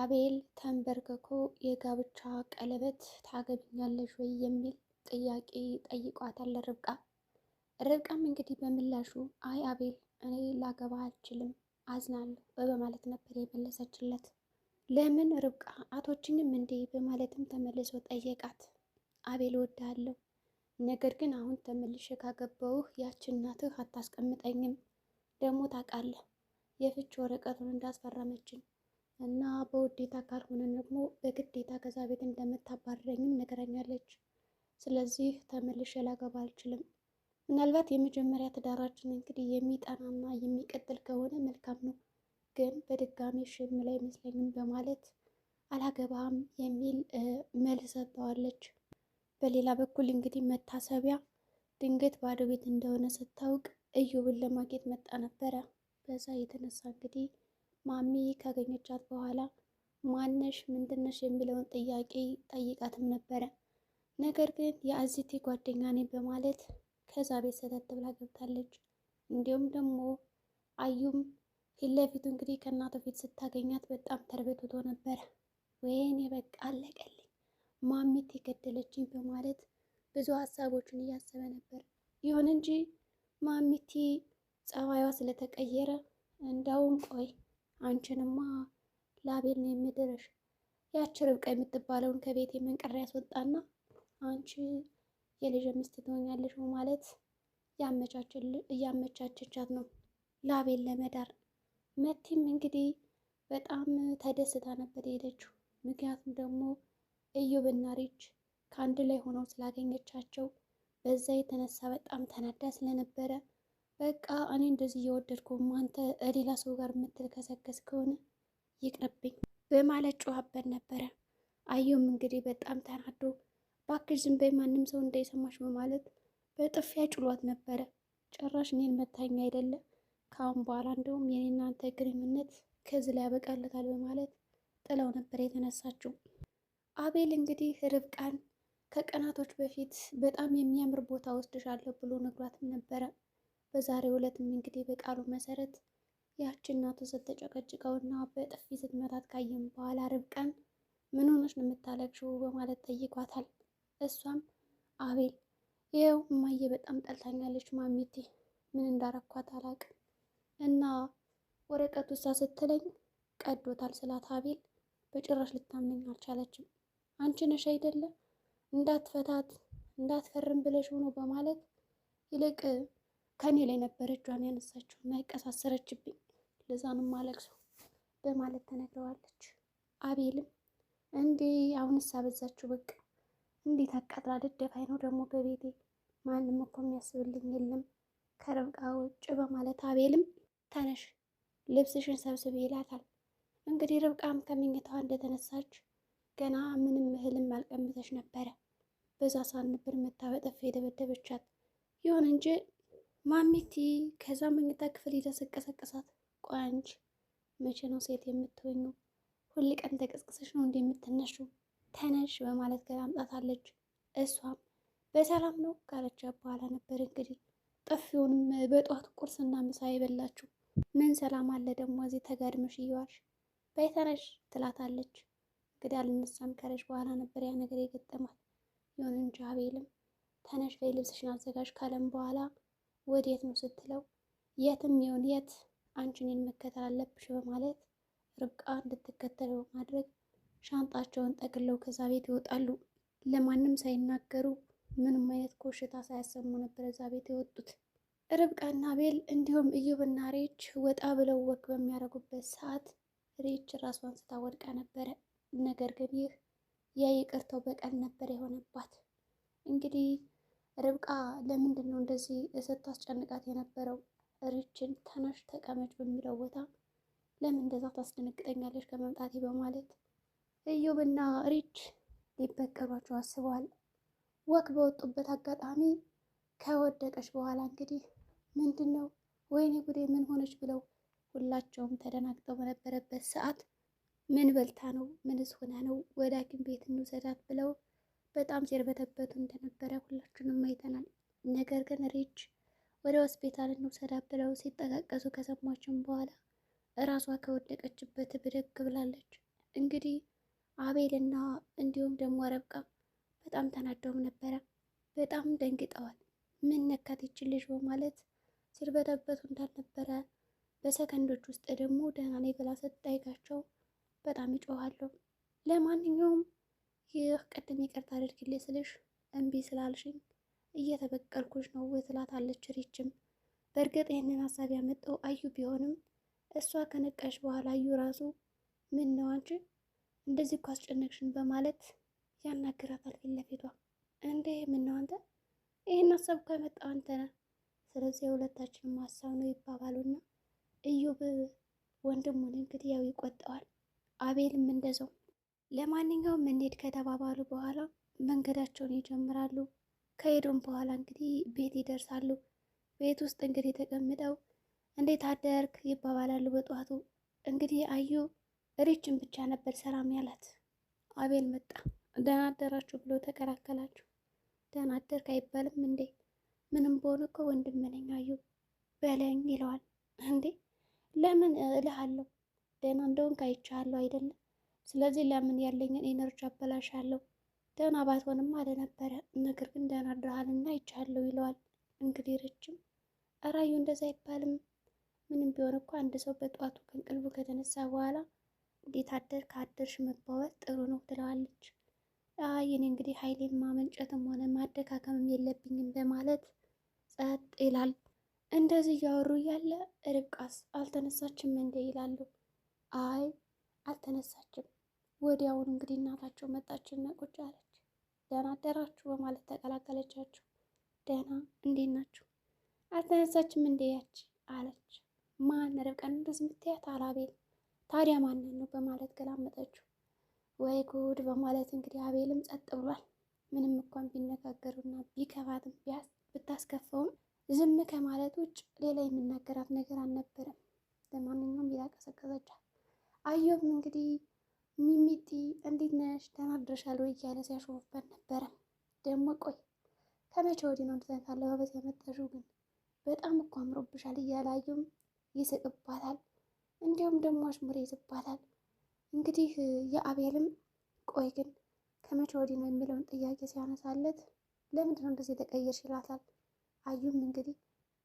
አቤል ተንበርክኮ የጋብቻ ቀለበት ታገብኛለሽ ወይ የሚል ጥያቄ ጠይቋታል ርብቃ። ርብቃም እንግዲህ በምላሹ አይ አቤል እኔ ላገባ አልችልም አዝናለሁ በማለት ነበር የመለሰችለት። ለምን ርብቃ አቶችንም እንዴ በማለትም ተመልሶ ጠየቃት። አቤል ወዳለሁ፣ ነገር ግን አሁን ተመልሼ ካገባውህ ያችን እናትህ አታስቀምጠኝም። ደግሞ ታውቃለህ የፍች ወረቀቱን እንዳስፈረመችን እና በውዴታ ካልሆነ ደግሞ በግዴታ ከዛ ቤት እንደምታባረኝም ነገረኛለች። ስለዚህ ተመልሼ ላገባ አልችልም። ምናልባት የመጀመሪያ ትዳራችን እንግዲህ የሚጠናና የሚቀጥል ከሆነ መልካም ነው፣ ግን በድጋሚ እሺ አይመስለኝም በማለት አላገባም የሚል መልስ ሰጥተዋለች። በሌላ በኩል እንግዲህ መታሰቢያ ድንገት ባዶ ቤት እንደሆነ ስታውቅ እዩብን ለማግኘት መጣ ነበረ። በዛ የተነሳ እንግዲህ ማሚ ካገኘቻት በኋላ ማነሽ ምንድነሽ የሚለውን ጥያቄ ጠይቃትም ነበረ። ነገር ግን የአዚቲ ጓደኛ ነኝ በማለት ከዛ ቤት ሰተት ብላ ገብታለች። እንዲሁም ደግሞ አዩም ፊት ለፊቱ እንግዲህ ከእናቱ ፊት ስታገኛት በጣም ተርበትቶ ነበረ። ወይኔ በቃ አለቀልኝ ማሚት የገደለችኝ በማለት ብዙ ሀሳቦችን እያሰበ ነበር። ይሁን እንጂ ማሚቲ ጸባይዋ ስለተቀየረ እንዳውም ቆይ አንቺንማ ላቤል ነው የምድርሽ። ያቺ ርብቃ የምትባለውን ከቤት የመንቀር ያስወጣና አንቺ የልጅ ሚስት ትሆኛለሽ ማለት እያመቻቸቻት ነው ላቤል ለመዳር። መቲም እንግዲህ በጣም ተደስታ ነበር የሄደችው። ምክንያቱም ደግሞ እዮብና ሪች ከአንድ ላይ ሆነው ስላገኘቻቸው በዛ የተነሳ በጣም ተናዳ ስለነበረ በቃ እኔ እንደዚህ እየወደድኩ አንተ ሌላ ሰው ጋር የምትልከሰከስ ከሆነ ይቅርብኝ በማለት ጮኸበት ነበረ። አየሁም እንግዲህ በጣም ተናዶ እባክሽ ዝም በይ ማንም ሰው እንዳይሰማሽ በማለት በጥፊያ ጭሏት ነበረ። ጭራሽ እኔን መታኝ አይደለም ከአሁን በኋላ እንደውም የኔ እናንተ ግንኙነት ከዚህ ላይ ያበቃለታል በማለት ጥለው ነበር የተነሳችው። አቤል እንግዲህ ርብቃን ከቀናቶች በፊት በጣም የሚያምር ቦታ ወስድሻለሁ ብሎ ነግሯትም ነበረ። በዛሬ ዕለትም እንግዲህ በቃሉ መሰረት ያቺ እናቱ እና በጥፊ ስትመታት ካየም በኋላ ርብቃን ምን ሆነሽ ነው የምታለቅሽው? በማለት ጠይቋታል። እሷም አቤል ይኸው እማዬ በጣም ጠልታኛለች ማሚቴ፣ ምን እንዳረኳት አላቅም እና ወረቀቱ እሷ ስትለኝ ቀዶታል ስላት አቤል በጭራሽ ልታምነኝ አልቻለችም። አንቺ ነሽ አይደለም እንዳትፈታት እንዳትፈርም ብለሽ ሆኖ በማለት ይልቅ ከኔ ላይ ነበር እጇን ያነሳችው እና ያቀሳሰረችብኝ ለዛንም አለቅሰው በማለት ተነግረዋለች። አቤልም እንዴ አሁንስ አበዛችሁ፣ በቃ እንዴት አቃጥላ ደደፋኝ ነው ደግሞ በቤቴ ማንም እኮ የሚያስብልኝ የለም ከረብቃ ውጭ በማለት አቤልም ተነሽ ልብስሽን ሰብስብ ይላታል። እንግዲህ ርብቃም ከመኝታዋ እንደተነሳች ገና ምንም እህልም አልቀምሰች ነበረ። በዛ ሳንብር መታበጠፍ የደበደበቻት ይሁን እንጂ ማሚቲ ከዛ መኝታ ክፍል ሂዳ ስቀሰቅሳት፣ ቆይ አንቺ መቼ ነው ሴት የምትሆኙ? ሁል ቀን ተቀስቅሰሽ ነው እንዴ የምትነሹ? ተነሽ በማለት ገላምጣታለች። እሷም በሰላም ነው ካለች በኋላ ነበር እንግዲህ ጥፊውንም በጧት ቁርስና ምሳ የበላችው። ምን ሰላም አለ ደግሞ እዚህ ተጋድመሽ እየዋልሽ በይ ተነሽ ትላታለች። እንግዲህ አልነሳም ካለች በኋላ ነበር ያ ነገር የገጠማት። ይሁን እንጂ አቤልም ተነሽ በይ ልብስሽን አዘጋጅ ካለም በኋላ ወዴት ነው ስትለው የትም ይሁን የት አንቺን መከተል አለብሽ በማለት ርብቃ እንድትከተለው ማድረግ ሻንጣቸውን ጠቅለው ከዛ ቤት ይወጣሉ። ለማንም ሳይናገሩ ምንም አይነት ኮሽታ ሳያሰሙ ነበር እዛ ቤት የወጡት። ርብቃና ቤል እንዲሁም እዩብና ሬች ወጣ ብለው ወክ በሚያደርጉበት ሰዓት ሬች ራሷን ስታወድቃ ነበረ። ነገር ግን ይህ የይቅርታው በቀል ነበር የሆነባት እንግዲህ ርብቃ ለምንድን ነው እንደዚህ ስታስጨንቃት የነበረው? ሪችን ተነሽ ተቀመጭ በሚለው ቦታ ለምን እንደዛ ታስደነግጠኛለች ከመምጣቴ በማለት እዮብና ሪች ሊበቀሏቸው አስበዋል። ወክ በወጡበት አጋጣሚ ከወደቀች በኋላ እንግዲህ ምንድን ነው ወይኔ ጉዴ ምን ሆነች ብለው ሁላቸውም ተደናግጠው በነበረበት ሰዓት ምን በልታ ነው? ምንስ ሆና ነው? ወደ ሐኪም ቤት እንውሰዳት ብለው በጣም ሲርበተበቱ እንደነበረ ሁላችንም አይተናል። ነገር ግን ሪች ወደ ሆስፒታል እንውሰዳት ብለው ሲጠቃቀሱ ከሰማችን በኋላ እራሷ ከወደቀችበት ብድግ ብላለች። እንግዲህ አቤልና እንዲሁም ደግሞ ረብቃ በጣም ተናደውም ነበረ። በጣም ደንግጠዋል። ምን ነካት ይች ልጅ በማለት ሲርበተበቱ እንዳልነበረ በሰከንዶች ውስጥ ደግሞ ደህና ነኝ ብላ ስትጠይቃቸው በጣም ይጮኋሉ። ለማንኛውም ይህ ቅድም ይቅርታ አድርግልኝ ስልሽ እምቢ ስላልሽኝ እየተበቀልኩሽ ነው ትላታለች ሪችም። በእርግጥ ይህንን ሀሳብ ያመጣው አዩ ቢሆንም እሷ ከነቃሽ በኋላ አዩ ራሱ ምን ነው አንቺ እንደዚህ እኮ አስጨነቅሽን በማለት ያናግራታል ፊት ለፊቷ። እንዴ ምን ነው አንተ ይህን ሀሳብ እኮ ያመጣው አንተ ነህ። ስለዚህ የሁለታችንም ሀሳብ ነው ይባባሉና እዩብ ወንድሙን እንግዲህ ያው ይቆጠዋል። አቤልም እንደዛው ለማንኛውም እንሂድ ከተባባሉ በኋላ መንገዳቸውን ይጀምራሉ። ከሄዱም በኋላ እንግዲህ ቤት ይደርሳሉ። ቤት ውስጥ እንግዲህ ተቀምጠው እንዴት አደርክ ይባባላሉ። በጠዋቱ እንግዲህ አዩ ሪችን ብቻ ነበር ሰላም ያላት። አቤል መጣ። ደህና አደራችሁ ብሎ ተቀላቀላችሁ። ደህና አደርክ አይባልም እንዴ? ምንም በሆኑ እኮ ወንድም ነኝ አዩ በለኝ ይለዋል። እንዴ ለምን እልሃለሁ፣ ደህና እንደውን ካይቻለሁ አይደለም ስለዚህ ለምን ያለኝን ኢነርጂ አበላሻለሁ? ደህና ባትሆንም አለ ነበረ። ነገር ግን ደህና አድርሃልና ይቻለሁ ይለዋል። እንግዲህ ረጅም እራዩ እንደዛ አይባልም። ምንም ቢሆን እኮ አንድ ሰው በጠዋቱ ከእንቅልቡ ከተነሳ በኋላ እንዴት አደር አደርሽ መባወር ጥሩ ነው ትለዋለች። አይ እኔ እንግዲህ ኃይሌን ማመንጨትም ሆነ ማደካከምም የለብኝም በማለት ጸጥ ይላል። እንደዚህ እያወሩ እያለ ርብቃስ አልተነሳችም እንዴ ይላሉ። አይ አልተነሳችም ወዲያውን እንግዲህ እናታቸው መጣችና ቁጭ አለች። ደህና አደራችሁ በማለት ተቀላቀለቻቸው። ደህና እንዴት ናችሁ? አልተነሳችም እንዴ ያች አለች። ማን ርብቃን እንደዚህ የምትያት አላቤል ታዲያ ማንን ነው በማለት ገላመጠችው። ወይ ጉድ በማለት እንግዲህ አቤልም ጸጥ ብሏል። ምንም እንኳን ቢነጋገሩና ቢከፋትም ብታስከፈውም ዝም ከማለት ውጭ ሌላ የምናገራት ነገር አልነበረም። ለማንኛውም ሌላ ቀሰቀሰቻት። አዮብም እንግዲህ ሚሚጢ እንዴት ነሽ ደህና አድረሻል ወይ እያለ ሲያሾፉበት ነበረ። ደግሞ ቆይ ከመቼ ወዲህ ነው እንደዚያ አለባበስ ያመጣሽው? ግን በጣም እኮ አምሮብሻል እያላዩም አዩም ይስቅባታል። እንዲሁም ደግሞ አሽሙሬ ይዝባታል። እንግዲህ የአቤልም ቆይ ግን ከመቼ ወዲህ ነው የሚለውን ጥያቄ ሲያነሳለት ለምንድን ነው እንደዚህ የተቀየርሽ ይላታል። አዩም እንግዲህ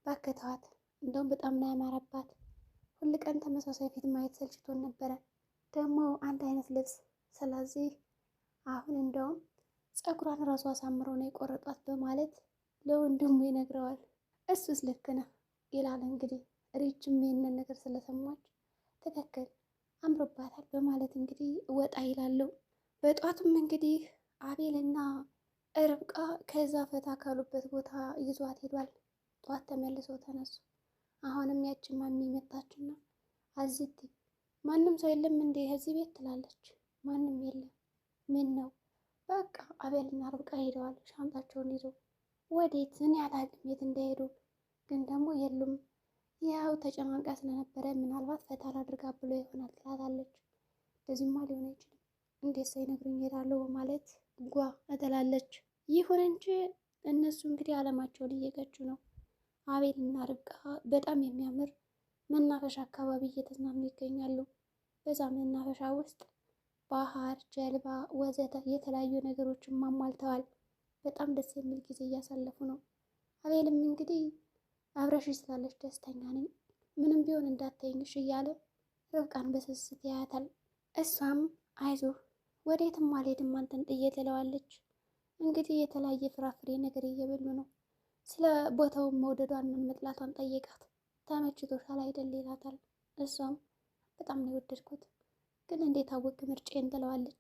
ባከተዋት። እንደውም በጣም ነው ያማረባት። ሁል ቀን ተመሳሳይ ፊት ማየት ሰልችቶን ነበረ ደግሞ አንድ አይነት ልብስ። ስለዚህ አሁን እንደውም ፀጉሯን ራሱ አሳምሮ ነው የቆረጧት በማለት ለወንድሙ ይነግረዋል። እሱስ ልክ ነው ይላል። እንግዲህ ሪችም ይህንን ነገር ስለሰማች ትክክል አምሮባታል በማለት እንግዲህ ወጣ ይላለው። በጧቱም እንግዲህ አቤልና ርብቃ ከዛ ፈታ ካሉበት ቦታ ይዟት ሄዷል። ጧት ተመልሰው ተነሱ። አሁንም ያችን ማሚ መጣችና ማንም ሰው የለም እንዴ እዚህ ቤት ትላለች። ማንም የለም። ምን ነው በቃ አቤልና ርብቃ ሄደዋል፣ ሻንጣቸውን ይዘው ወዴት እኔ አላውቅም የት እንደሄዱ ግን ደግሞ የሉም። ያው ተጨማንቃ ስለነበረ ምናልባት ፈታል አድርጋ ብሎ ይሆናል ትላታለች። በዚህማ ሊሆን አይችልም እንዴት ሳይነግሩኝ እሄዳለሁ በማለት ጓ እጥላለች። ይሁን እንጂ እነሱ እንግዲህ አለማቸውን እየቀጩ ነው። አቤልና ርብቃ በጣም የሚያምር መናፈሻ አካባቢ እየተዝናኑ ይገኛሉ። በዛ መናፈሻ ውስጥ ባህር፣ ጀልባ፣ ወዘተ የተለያዩ ነገሮችን ማሟልተዋል። በጣም ደስ የሚል ጊዜ እያሳለፉ ነው። አቤልም እንግዲህ አብረሽ ስላለች ደስተኛ ነኝ፣ ምንም ቢሆን እንዳታይንሽ እያለ ርብቃን በስስት ያያታል። እሷም አይዞህ ወዴትም አልሄድም አንተን ጥዬ ትለዋለች። እንግዲህ የተለያየ ፍራፍሬ ነገር እየበሉ ነው። ስለ ቦታውን መውደዷን መጥላቷን ጠየቃት። ተመችቶሻል አይደል ይላታል። እሷም በጣም ነው የወደድኩት። ግን እንዴት አወቅ ምርጬን ትለዋለች።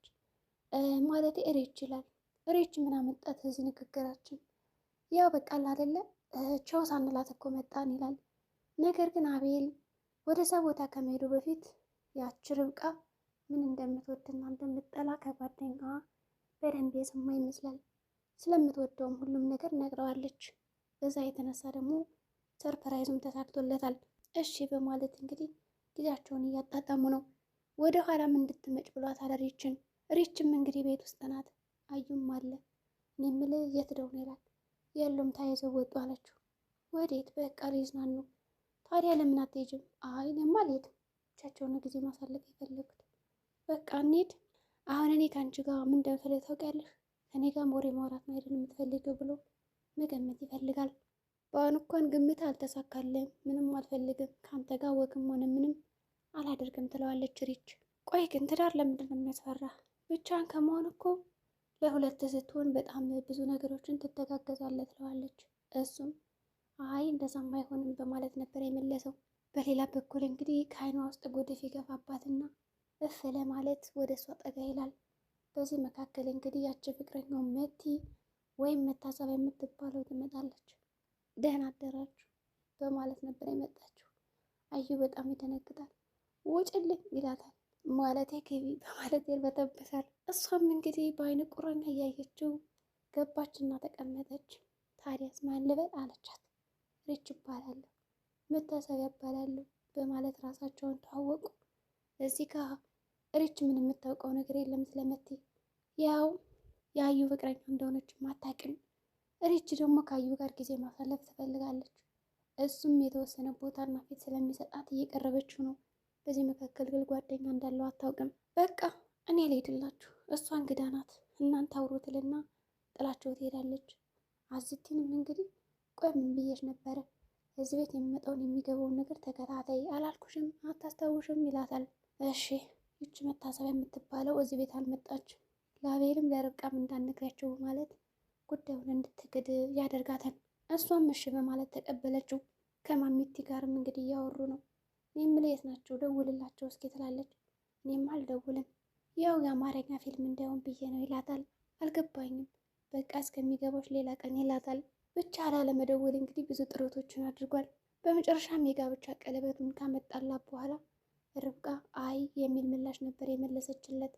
ማለቴ እሬች ይላል። እሬች ምን አመጣት እዚህ ንግግራችን? ያው በቃል አደለ ቸው ሳንላት እኮ መጣን ይላል። ነገር ግን አቤል ወደዛ ቦታ ከመሄዱ በፊት ያች ርብቃ ምን እንደምትወድና እንደምትጠላ ከጓደኛዋ በደንብ የሰማ ይመስላል። ስለምትወደውም ሁሉም ነገር ነግረዋለች። በዛ የተነሳ ደግሞ ሰርፕራይዙም ተሳክቶለታል። እሺ በማለት እንግዲህ ጊዜያቸውን እያጣጠሙ ነው። ወደ ኋላም እንድትመጭ ብሏት አለ ሪችን። ሪችም እንግዲህ ቤት ውስጥ ናት። አዩም አለ እኔ የምልህ የት ደውል ይላል። የሉም ተያይዘው ወጡ አለችው። ወዴት? በቃ ሊዝናኑ ታዲያ ለምን አትሄጂም? አይ እኔማ አልሄድም፣ ብቻቸውን ጊዜ ማሳለፍ የፈለጉት። በቃ እንሂድ። አሁን እኔ ከአንቺ ጋር ምን እንደምፈልግ ታውቂያለሽ። ከእኔ ጋር ወሬ ማውራት ነው አይደል የምትፈልገው ብሎ መገመት ይፈልጋል። በአሁን እንኳን ግምት አልተሳካለም። ምንም አልፈልግም ከአንተ ጋር ወግም ሆነ ምንም አላደርግም ትለዋለች ሪች። ቆይ ግን ትዳር ለምንድን ነው የሚያስፈራ? ብቻን ከመሆን እኮ ለሁለት ስትሆን በጣም ብዙ ነገሮችን ትተጋገዛለህ ትለዋለች። እሱም አይ እንደዛም አይሆንም በማለት ነበር የመለሰው። በሌላ በኩል እንግዲህ ከአይኗ ውስጥ ጉድፍ ይገፋባትና እፍ ለማለት ወደ እሷ ጠጋ ይላል። በዚህ መካከል እንግዲህ ያቺ ፍቅረኛው መቲ ወይም መታሰብ የምትባለው ትመጣለች። ደህና አደራችሁ በማለት ነበር የመጣችው። አዩ በጣም ይደነግጣል። ውጭልኝ ይላታል። ማለቴ ግቢ በማለት ይርበተበታል። እሷም እንግዲህ በአይነ ቁራኛ እያየችው ገባችና ተቀመጠች። ታዲያስ ማን ልበል አለቻት። ሪች ይባላለሁ፣ መታሰብ ይባላለሁ በማለት ራሳቸውን ተዋወቁ። እዚህ ጋ ሪች ምን የምታውቀው ነገር የለም ስለመቴ ያው የአዩ ፍቅረኛ እንደሆነች አታውቅም ሪች ደግሞ ካዩ ጋር ጊዜ ማሳለፍ ትፈልጋለች። እሱም የተወሰነ ቦታና ፊት ስለሚሰጣት እየቀረበችው ነው። በዚህ መካከል ግን ጓደኛ እንዳለው አታውቅም። በቃ እኔ ልሄድላችሁ፣ እሷ እንግዳ ናት፣ እናንተ አውሮትልና ትልና ጥላቸው ትሄዳለች። አዝቲንም እንግዲህ ቆይ ምን ብዬሽ ነበረ እዚህ ቤት የሚመጣውን የሚገባውን ነገር ተከታታይ አላልኩሽም? አታስታውሽም? ይላታል። እሺ ይች መታሰቢያ የምትባለው እዚህ ቤት አልመጣች ለአቤልም ለርብቃም እንዳነግራቸው ማለት ጉዳዩን እንድትክድ ያደርጋታል። እሷም እሺ በማለት ተቀበለችው። ከማሚቲ ጋርም እንግዲህ እያወሩ ነው። እኔም ለየት ናቸው ደውልላቸው እስኪ ትላለች። እኔም አልደውልም ያው የአማርኛ ፊልም እንዳይሆን ብዬ ነው ይላታል። አልገባኝም በቃ እስከሚገባች ሌላ ቀን ይላታል። ብቻ ላለመደወል እንግዲህ ብዙ ጥረቶችን አድርጓል። በመጨረሻም የጋብቻ ቀለበቱን ካመጣላት በኋላ ርብቃ አይ የሚል ምላሽ ነበር የመለሰችለት።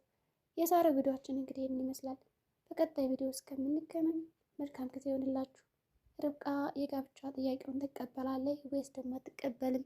የዛሬው ቪዲዮአችን እንግዲህ ይህን ይመስላል። በቀጣይ ቪዲዮ እስከምንገናኝ መልካም ጊዜ ይሆንላችሁ። ርብቃ የጋብቻ ጥያቄውን ትቀበላለች ወይስ ደግሞ አትቀበልም?